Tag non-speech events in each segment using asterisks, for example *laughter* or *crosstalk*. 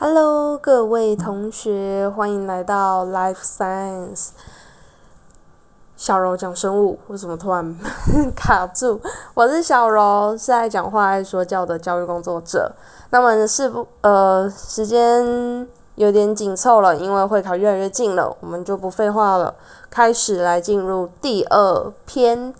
Hello，各位同學，歡迎來到 Life Science。小柔講生物，為什麼突然 *laughs* 卡住？我是小柔，是愛講話、愛說教的教育工作者。那麼是不，呃，時間有點緊湊了，因為會考越來越近了，我們就不廢話了，開始來進入第二篇。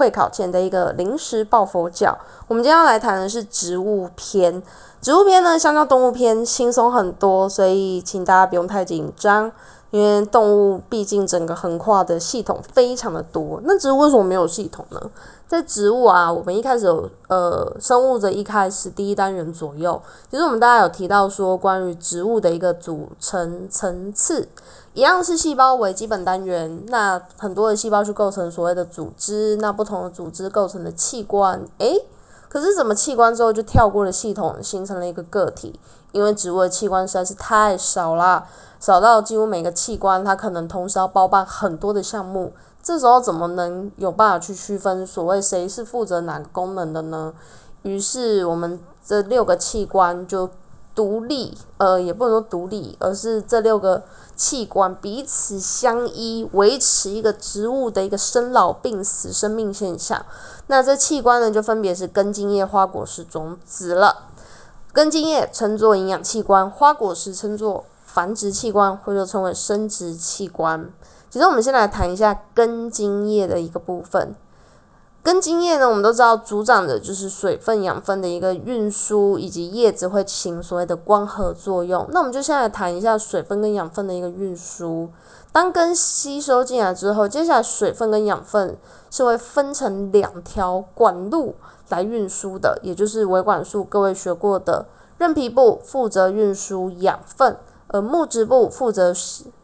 會考前的一個臨時抱佛腳，我們今天要來談的是植物篇。植物篇呢，相較動物篇輕鬆很多，所以請大家不用太緊張。因為動物畢竟整個橫跨的系統非常的多，那植物為什麼沒有系統呢？在植物啊，我們一開始有呃生物的一開始第一單元左右，其實我們大家有提到說，關於植物的一個組成層次。一樣是細胞為基本單元，那很多的細胞去構成所謂的組織，那不同的組織構成的器官，誒、欸，可是怎麼器官之後就跳過了系統，形成了一個個體？因為植物的器官實在是太少了，少到幾乎每個器官它可能同時要包辦很多的項目，這時候怎麼能有辦法去區分所謂誰是負責哪個功能的呢？於是我們這六個器官就。獨立，呃，也不能說獨立，而是這六個器官彼此相依，維持一個植物的一個生老病死生命現象。那這器官呢，就分別是根、莖、葉、花、果、實、種子了。根、莖、葉稱作營養器官，花、果、實稱作繁殖器官，或者稱為生殖器官。其實我們先來談一下根、莖、葉的一個部分。根莖葉呢，我們都知道，主掌的就是水分、養分的一個運輸，以及葉子會行所謂的光合作用。那我們就現在談一下水分跟養分的一個運輸。當根吸收進來之後，接下來水分跟養分是會分成兩條管路來運輸的，也就是維管束。各位學過的，韌皮部負責運輸養分，而木質部負責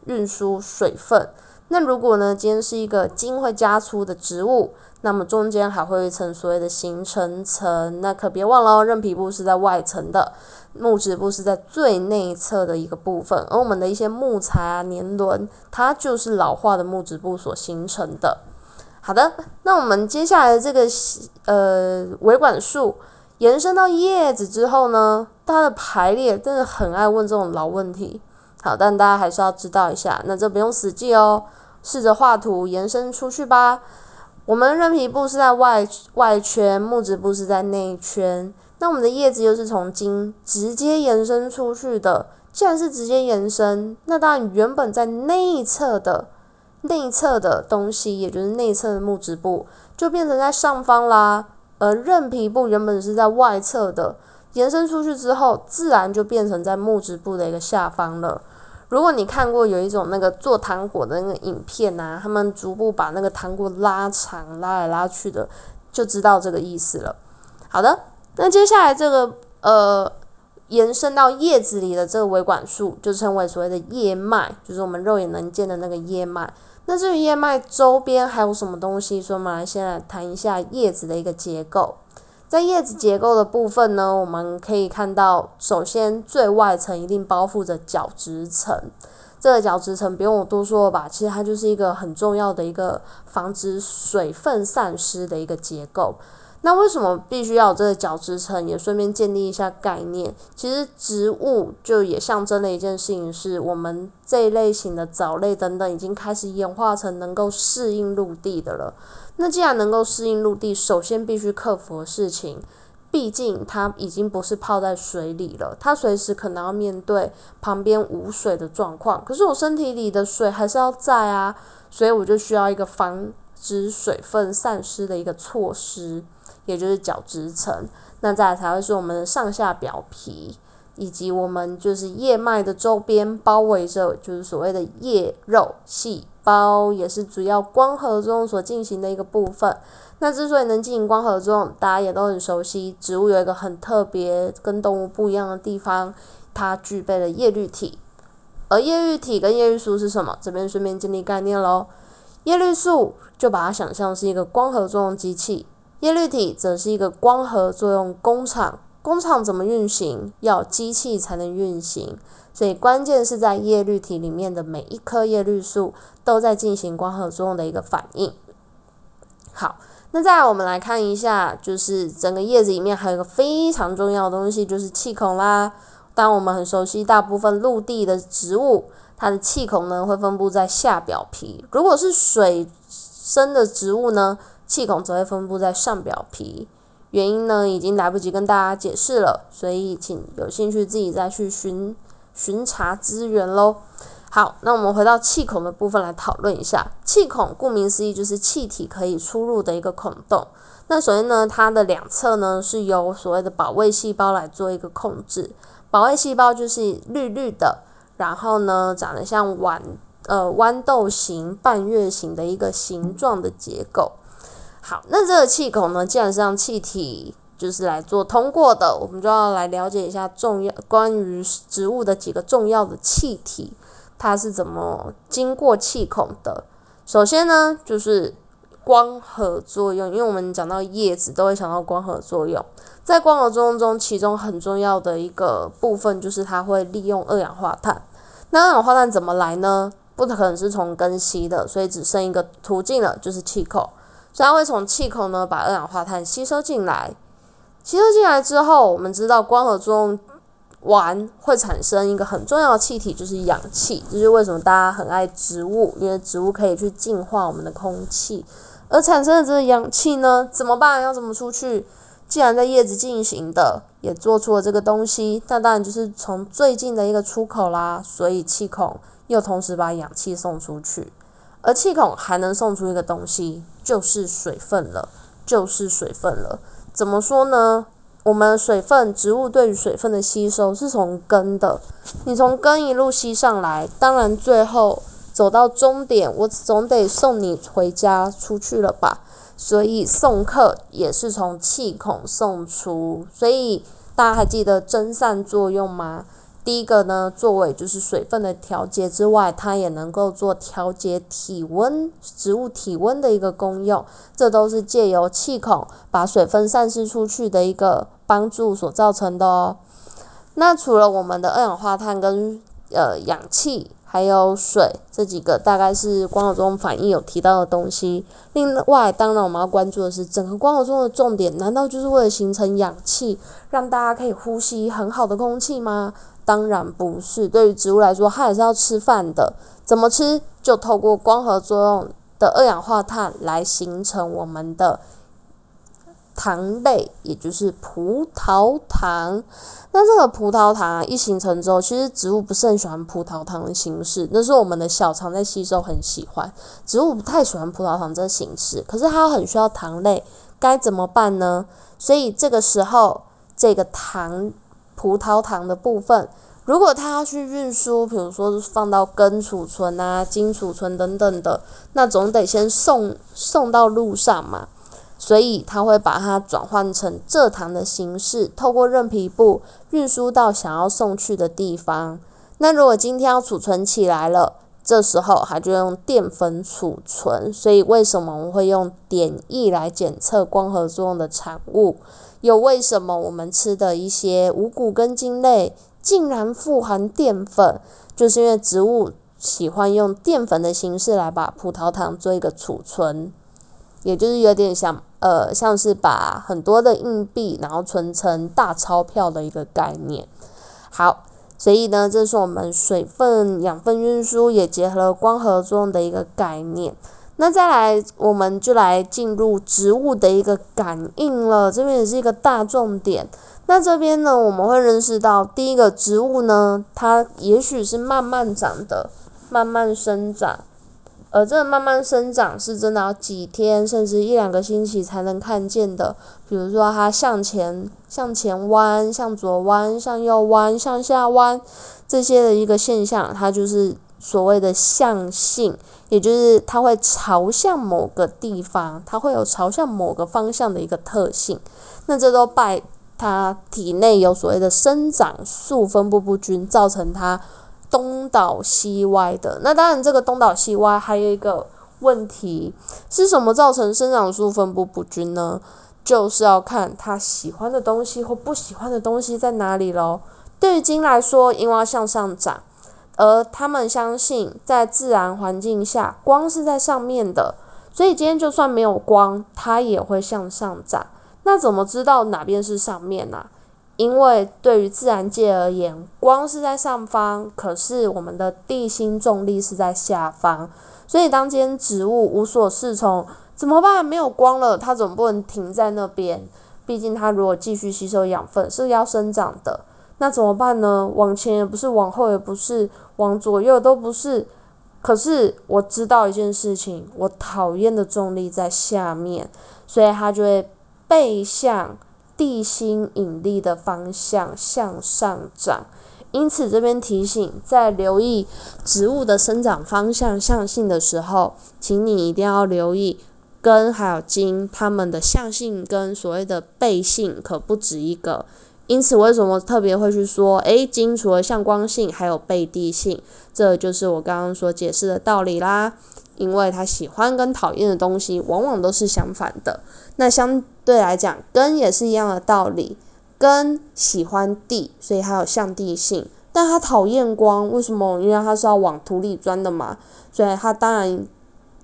運輸水分。那如果呢，今天是一個莖會加粗的植物。那麼中間還會有一層所謂的形成層，那可別忘了哦。韌皮部是在外層的，木質部是在最內側的一個部分。而、哦、我們的一些木材、啊、年輪，它就是老化的木質部所形成的。好的，那我們接下來的這個呃維管束延伸到葉子之後呢，它的排列真的很愛問這種老問題。好，但大家還是要知道一下，那這不用死記哦，試着畫圖延伸出去吧。我們的韌皮部是在外外圈，木質部是在內圈。那我們的葉子又是從莖直接延伸出去的。既然是直接延伸，那當然原本在內側的內側的東西，也就是內側的木質部，就變成在上方啦。而韌皮部原本是在外側的，延伸出去之後，自然就變成在木質部的一個下方了。如果你看過有一種那個做糖果的那個影片吶、啊，他們逐步把那個糖果拉長，拉來拉去的，就知道這個意思了。好的，那接下來這個呃，延伸到葉子裡的這個維管束就稱為所謂的葉脈，就是我們肉眼能見的那個葉脈。那這個葉脈周邊還有什麼東西？所以，我們來先來談一下葉子的一個結構。在葉子結構的部分呢，我們可以看到，首先最外層一定包覆着角質層。這個角質層不用我多說了吧，其實它就是一個很重要的一個防止水分散失的一個結構。那為什麼必須要有這個角質層？也順便建立一下概念，其實植物就也象徵了一件事情，是我們這一類型的藻類等等已經開始演化成能夠適應陸地的了。那既然能夠適應陸地，首先必須克服的事情，畢竟它已經不是泡在水裡了，它隨時可能要面對旁邊無水的狀況。可是我身體裡的水還是要在啊，所以我就需要一個防止水分散失的一個措施，也就是角質層。那再來才會是我們的上下表皮。以及我們就是葉脈的周邊包圍着，就是所謂的葉肉細胞，也是主要光合作用所進行的一個部分。那之所以能進行光合作用，大家也都很熟悉，植物有一個很特別跟動物不一樣的地方，它具備了葉綠體。而葉綠體跟葉綠素是什麼？這邊順便建立概念咯。葉綠素就把它想象是一個光合作用機器，葉綠體則是一個光合作用工廠。工廠怎麼運行？要機器才能運行，所以關鍵是在葉綠體裡面的每一顆葉綠素都在進行光合作用的一個反應。好，那再來我們來看一下，就是整個葉子裡面還有一個非常重要的東西，就是氣孔啦。當我們很熟悉大部分陸地的植物，它的氣孔呢會分布在下表皮。如果是水生的植物呢，氣孔則會分布在上表皮。原因呢，已經來不及跟大家解釋了，所以請有興趣自己再去尋巡、巡查資源嘍。好，那我們回到氣孔的部分來討論一下。氣孔顧名思義就是氣體可以出入的一個孔洞。那首先呢，它的兩側呢是由所謂的保衛細胞來做一個控制。保衛細胞就是綠綠的，然後呢，長得像碗呃，豌豆形，半月形的一個形狀的結構。好，那這個氣孔呢，既然是讓氣體就是來做通過的，我們就要來了解一下重要關於植物的幾個重要的氣體，它是怎麼經過氣孔的。首先呢，就是光合作用，因為我們講到葉子都會想到光合作用。在光合作用中，其中很重要的一個部分就是它會利用二氧化碳。那二氧化碳怎麼來呢？不可能是從根吸的，所以只剩一個途徑了，就是氣孔。所以它會從氣孔呢把二氧化碳吸收進來，吸收進來之後，我們知道光合作用完會產生一個很重要的氣體，就是氧氣。這、就是為什麼大家很愛植物，因為植物可以去淨化我們的空氣。而產生的這個氧氣呢，怎麼辦？要怎麼出去？既然在葉子進行的，也做出了這個東西，那當然就是從最近的一個出口啦。所以氣孔又同時把氧氣送出去。而氣孔還能送出一個東西，就是水分了，就是水分了。怎麼說呢？我們水分，植物對於水分的吸收是從根的，你從根一路吸上來，當然最後走到終點，我總得送你回家出去了吧。所以送客也是從氣孔送出。所以大家還記得蒸散作用嗎？第一個呢，作為就是水分的調節之外，它也能夠做調節體溫、植物體溫的一個功用，這都是借由氣孔把水分散失出去的一個幫助所造成的哦、喔。那除了我們的二氧化碳跟呃氧氣還有水這幾個，大概是光合中反應有提到的東西。另外，當然我們要關注的是整個光合作用的重點，難道就是為了形成氧氣，讓大家可以呼吸很好的空氣嗎？當然不是，對於植物來說，它也是要吃飯的。怎麼吃？就透過光合作用的二氧化碳來形成我們的糖類，也就是葡萄糖。那這個葡萄糖啊，一形成之後，其實植物不是很喜歡葡萄糖的形式，那是我們的小腸在吸收很喜歡。植物不太喜歡葡萄糖這個形式，可是它很需要糖類，該怎麼辦呢？所以這個時候，這個糖。葡萄糖的部分，如果它要去運輸，比如說放到根儲存啊、莖儲存等等的，那總得先送送到路上嘛。所以它會把它轉換成蔗糖的形式，透過韌皮部運輸到想要送去的地方。那如果今天要儲存起來了，這時候還就用澱粉儲存。所以為什麼我們會用碘液來檢測光合作用的產物？又為什麼我們吃的一些五穀根莖類竟然富含澱粉？就是因為植物喜歡用澱粉的形式來把葡萄糖做一個儲存，也就是有點像呃，像是把很多的硬幣然後存成大鈔票的一個概念。好，所以呢，這是我們水分養分運輸也結合了光合作用的一個概念。那再來，我們就來進入植物的一個感應了。這邊也是一個大重點。那這邊呢，我們會認識到，第一個植物呢，它也許是慢慢長的，慢慢生長。而、呃、這個、慢慢生長是真的要幾天，甚至一兩個星期才能看見的。比如說，它向前、向前彎、向左彎、向右彎、向下彎這些的一個現象，它就是。所謂的向性，也就是它會朝向某個地方，它會有朝向某個方向的一個特性。那這都拜它體內有所謂的生長素分布不均，造成它東倒西歪的。那當然，這個東倒西歪還有一個問題是什麼造成生長素分布不均呢？就是要看它喜歡的東西或不喜歡的東西在哪裡咯。對於莖來說，因為要向上長。而他們相信，在自然環境下，光是在上面的，所以今天就算沒有光，它也會向上長。那怎麼知道哪邊是上面呢、啊？因為對於自然界而言，光是在上方，可是我們的地心重力是在下方，所以當今天植物無所適從，怎麼辦？沒有光了，它總不能停在那邊，畢竟它如果繼續吸收養分是要生長的。那怎麼辦呢？往前也不是，往後也不是。往左右都不是，可是我知道一件事情，我討厭的重力在下面，所以它就會背向地心引力的方向向上長。因此這邊提醒，在留意植物的生長方向向性的時候，請你一定要留意根還有莖，它們的向性跟所謂的背性可不止一個。因此，為什麼特別會去說，誒，莖除了向光性，還有背地性，這就是我剛剛所解釋的道理啦。因為它喜歡跟討厭的東西，往往都是相反的。那相對來講，根也是一樣的道理，根喜歡地，所以還有向地性。但它討厭光，為什麼？因為它是要往土裡鑽的嘛，所以它當然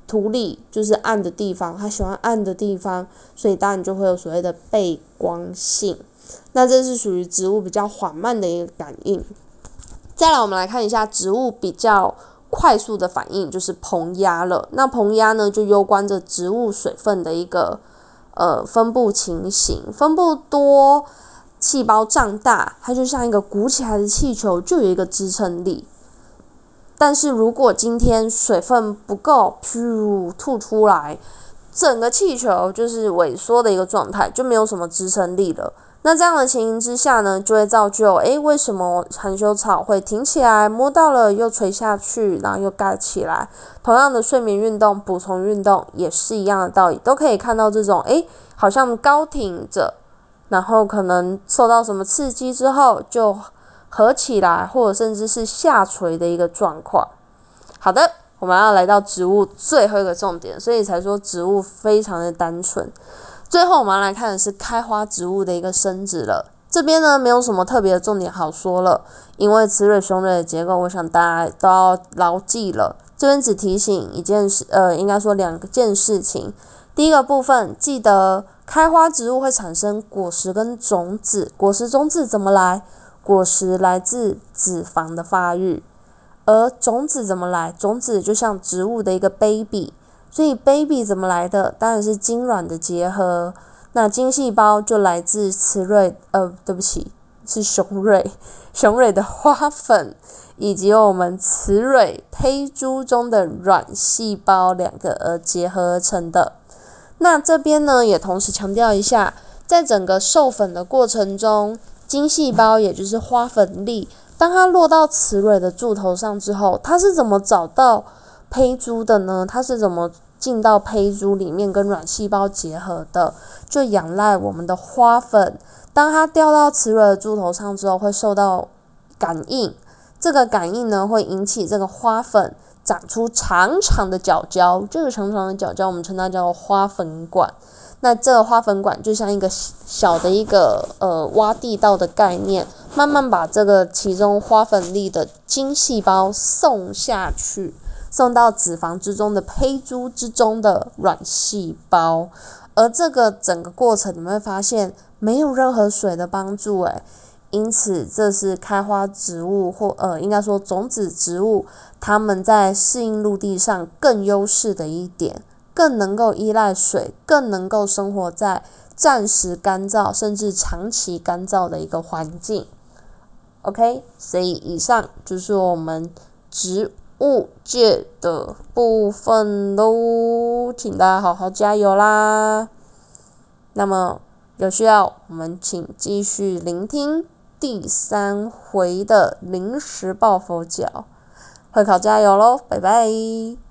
土裡就是暗的地方，它喜歡暗的地方，所以當然就會有所謂的背光性。那這是屬於植物比較緩慢的一個感應。再來，我們來看一下植物比較快速的反應，就是膨壓了。那膨壓呢，就攸關着植物水分的一個呃分佈情形。分佈多，細胞脹大，它就像一個鼓起來的氣球，就有一個支撐力。但是如果今天水分不夠，噗，吐出來。整個氣球就是萎縮的一個狀態，就沒有什麼支撐力了。那這樣的情形之下呢，就會造就，哎，為什麼含羞草會挺起來，摸到了又垂下去，然後又蓋起來？同樣的睡眠運動、補充運動也是一樣的道理，都可以看到這種，哎，好像高挺着，然後可能受到什麼刺激之後就合起來，或者甚至是下垂的一個狀況。好的。我們要來到植物最後一個重點，所以才說植物非常的單純。最後我們來看的是開花植物的一個生殖了。這邊呢，沒有什麼特別的重點好說了，因為雌蕊、雄蕊的結構，我想大家都要牢記了。這邊只提醒一件事，呃，應該說兩件事情。第一個部分，記得開花植物會產生果實跟種子，果實種子怎麼來？果實來自子房的發育。而種子怎麼來？種子就像植物的一個 baby，所以 baby 怎麼來的？當然是精卵的結合。那精細胞就來自雌蕊，呃，對不起，是雄蕊，雄蕊的花粉以及我們雌蕊胚珠中的卵細胞兩個而結合而成的。那這邊呢，也同時強調一下，在整個授粉的過程中，精細胞也就是花粉粒。當它落到雌蕊的柱頭上之後，它是怎麼找到胚珠的呢？它是怎麼進到胚珠裡面跟卵細胞結合的？就仰賴我們的花粉。當它掉到雌蕊的柱頭上之後，會受到感應，這個感應呢會引起這個花粉長出長長的角角，這個長長的角角我們稱它叫花粉管。那這個花粉管就像一個小的一個呃挖地道的概念。慢慢把這個其中花粉粒的精細胞送下去，送到子房之中的胚珠之中的卵細胞，而這個整個過程，你們會發現沒有任何水的幫助誒，因此這是開花植物或呃應該說種子植物它們在適應陸地上更優勢的一點，更能夠依賴水，更能夠生活在暫時乾燥甚至長期乾燥的一個環境。OK，所以以上就是我們植物界的部分嘍，請大家好好加油啦！那麼有需要，我們請繼續聆聽第三回的臨時抱佛腳，會考加油嘍，拜拜！